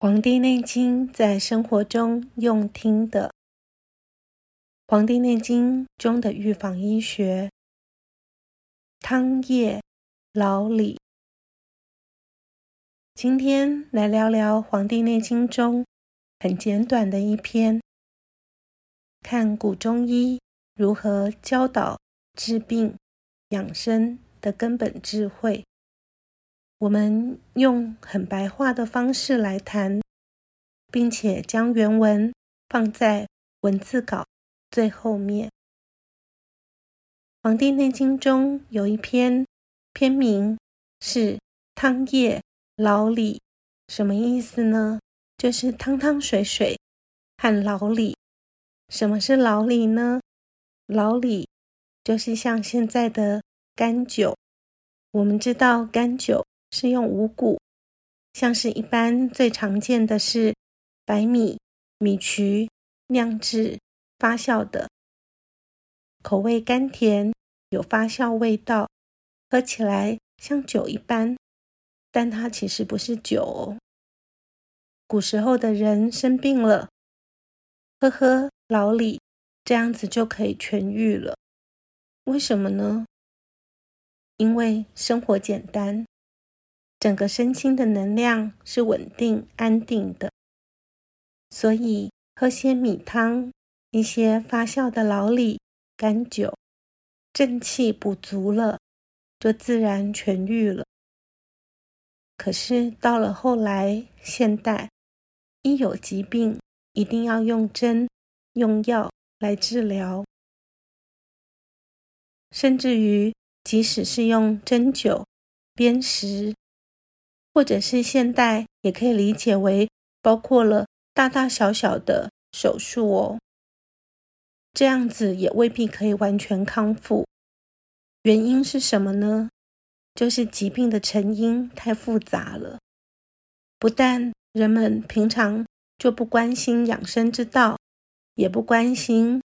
《黃帝內經》在生活中用聽的，《黃帝內經》中的預防醫學。湯液醪醴，今天來聊聊《黃帝內經》中很簡短的一篇，看古中醫如何教導治病養生的根本智慧。我們用很白話的方式來談，並且將原文放在文字稿最後面。《黃帝內經》中有一篇，篇名是“湯液醪醴”，什麼意思呢？就是湯湯水水和醪醴。什麼是醪醴呢？醪醴就是像現在的甘酒。我們知道甘酒，是用五穀，像是一般最常見的是白米、米曲釀製發酵的，口味甘甜，有發酵味道，喝起來像酒一般，但它其實不是酒哦。古時候的人生病了，喝喝，醪醴這樣子就可以痊癒了，為什麼呢？因為生活簡單。整個身心的能量是穩定安定的，所以喝些米湯、一些發酵的醪醴、甘酒，正氣補足了，就自然痊癒了。可是到了後來現代，一有疾病，一定要用針用藥來治療，甚至於即使是用針灸、砭石。或者是現代，也可以理解為包括了大大小小的手術哦，這樣子也未必可以完全康復。原因是什麼呢？就是疾病的成因太複雜了，不但人們平常就不關心養生之道，也不關心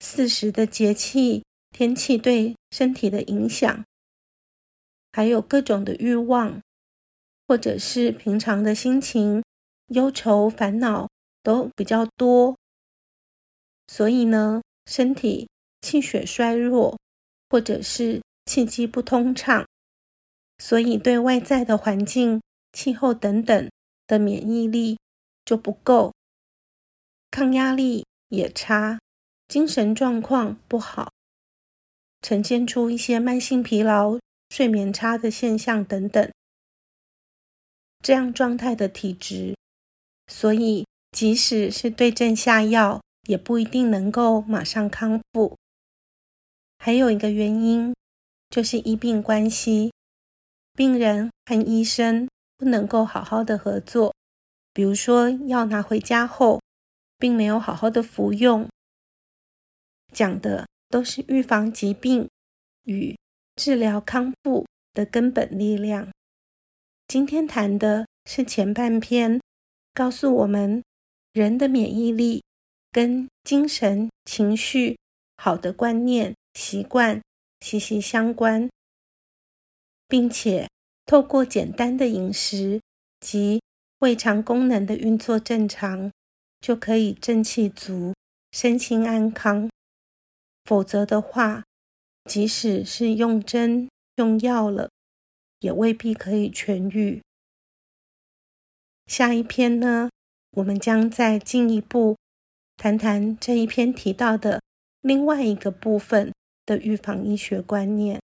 四時的節氣、天氣對身體的影響，還有各種的欲望。或者是平常的心情憂愁煩惱都比較多，所以呢，身體氣血衰弱，或者是氣機不通暢，所以對外在的環境、氣候等等的免疫力就不夠，抗壓力也差，精神狀況不好，呈現出一些慢性疲勞、睡眠差的現象等等。這樣狀態的體質，所以即使是對症下藥，也不一定能夠馬上康復。還有一個原因，就是醫病關係，病人和醫生不能夠好好的合作。比如說，藥拿回家後，並沒有好好的服用。講的都是預防疾病與治療康復的根本力量。今天談的是前半篇，告訴我們人的免疫力跟精神、情緒、好的觀念、習慣息息相關，並且透過簡單的飲食及胃腸功能的運作正常，就可以正氣足、身心安康。否則的話，即使是用針用藥了。也未必可以痊癒。下一篇呢，我們將再進一步談談這一篇提到的另外一個部分的預防醫學觀念。